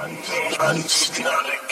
anti, anti, anti,